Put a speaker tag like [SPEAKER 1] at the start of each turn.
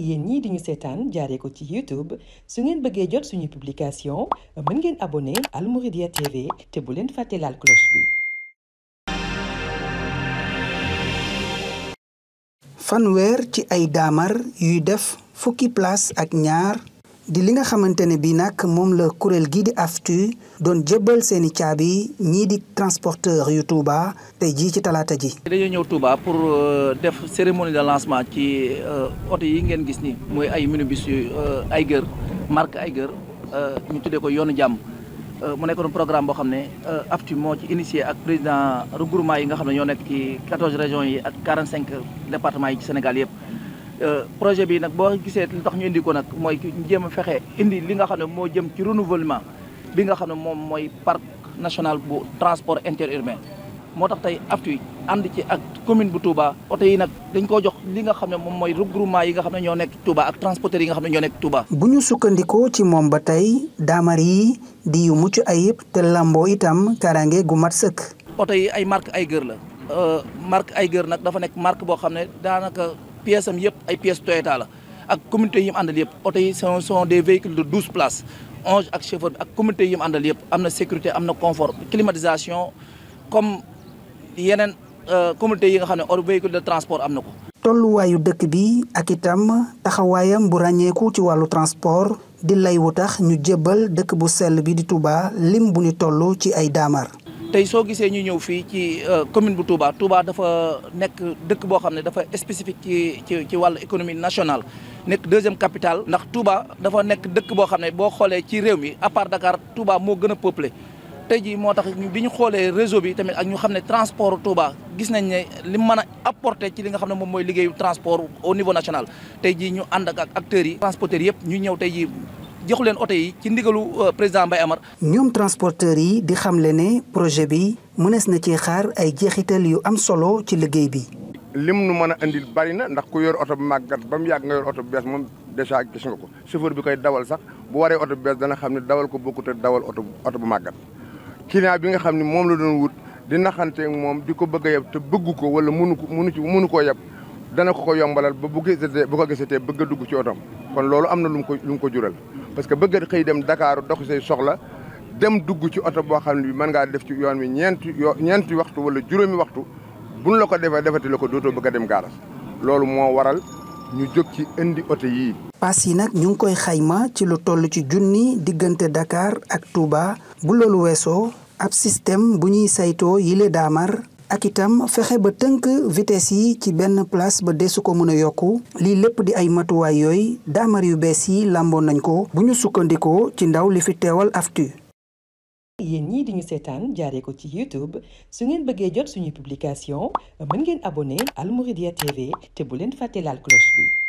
[SPEAKER 1] yéen ñii di seetaan jaaree ko ci YouTube su ngeen bëggee jot suñu publication mën ngeen abonné Al Mouridiyyah TV te bu leen fàtte laal cloche bi. fanweer ci ay daamar yuy def fukki place ak ñaar. di li nga xamante ne bii nag moom la kuréel gii di AFTU doon jébbal seeni caabi ñii di transporteur yu Touba tey jii ci talaata ji.
[SPEAKER 2] dañoo ñëw Touba pour euh, def cérémonie de lancement ci euh, oto yi ngeen gis ni mooy ay minibus yu euh, ay gër marque ay gër ñu tuddee ko yoonu jàmm mu nekkoon programme boo xam ne AFTU moo ci initier ak président regroupement yi nga xam ne ñoo nekk ci quatorze régions yi ak quarante cinq départements yi ci Sénégal yëpp. Euh, projet bi nag boo gisee li tax ñu indi ko nag mooy jéem a fexe indi li nga xam ne moo jëm ci renouvellement bi nga xam ne moom mooy parc national bu transport interurbain moo tax tey AFTU ànd ci ak commune bu Touba oto yi nag dañ koo jox li nga xam ne moom mooy regroupement yi nga xam ne ñoo nekk Touba ak transporteurs yi nga xam ne ñoo nekk Touba.
[SPEAKER 1] bu ñu sukkandikoo ci moom ba tey daamar yi di yu mucc ayib te làmboo itam karange gu mat sëkk.
[SPEAKER 2] oto ay marque ay gër la. Euh, marque ay gër nag dafa nekk marque boo xam ne daanaka. pièces am yëpp ay pièces Toyota la ak communauté yi mu àndal yëpp oto yi sont sont des véhicules de douze places onze ak chauffeur bi ak communauté yi mu àndal yëpp am na sécurité am na confort climatisation comme yeneen euh, communauté yi nga xam ne or véhicule de transport am na ko.
[SPEAKER 1] tolluwaayu dëkk bi ak itam taxawaayam bu ràññeeku ci wàllu transport di lay wu tax ñu jébbal dëkk bu sell bi di Touba lim bu ñu toll ci ay daamar.
[SPEAKER 2] tey soo gisee ñu ñëw fii ci euh, commune bu Touba Touba dafa nekk dëkk boo xam ne dafa spécifique ci ci ci wàllu économie nationale. nekk deuxième capitale ndax Touba dafa nekk dëkk boo xam ne boo xoolee ci réew mi à part Dakar Touba moo gën a peuplé. tey jii moo tax bi ñu xoolee réseau bi tamit ak ñu xam ne transport Touba gis nañ ne li mën a apporter ci li nga xam ne moom mooy liggéeyu transport au niveau national tey jii ñu ànd ak ak acteurs yi. transporteurs yëpp ñu ñëw tey jii jox leen oto yi ci ndigalu euh, président Mbaye Amar.
[SPEAKER 1] ñoom transporteurs yi di xamle ne projet bi mënees na ci xaar ay jeexital yu am solo ci liggéey bi.
[SPEAKER 3] lim nu mën a indil bari na ndax ku yor oto bu màggat ba mu yàgg nga yor oto bu bees moom déjà gis nga ko chauffeur bi koy dawal sax bu waree oto bu bees dana xam ne dawal ko bokkut ak dawal oto oto bu màggat. client bi nga xam ne moom la doon wut di naxanteeg moom di ko bëgg a te bëgg ko wala mënu ko mënu ci mënu koo yeb dana ko ko yombalal ba bu bu ko gisatee bëgg dugg ci otoom kon loolu am na lu mu ko lu mu ko jural. parce que bëgg a xëy dem Dakar dox say soxla dem dugg ci oto boo xam ne bi mën ngaa def ci yoon wi ñeenti ñeenti waxtu wala juróomi waxtu buñ la ko defee defati la ko dootoo bëgg a dem gaaras loolu moo waral ñu jóg ci indi oto yi
[SPEAKER 1] paas yi nag ñu ngi koy xayma ci lu toll ci junni diggante dakaar ak Touba bu loolu weesoo ab système bu ñuy saytoo yile daamar ak itam fexe ba tënk vites yi ci benn place ba desu ko mën a yokku lii lépp di ay matuwaay yooyu daamar yu bees yi làmboon nañ ko buñu sukkandikoo ci ndaw li fi teewal aftu yéen ñii diñu ñu seetaan jaaree ko ci youtube su ngeen bëggee jot suñu publication mën ngeen abonné Al TV te bu leen fàtte laal cloche bi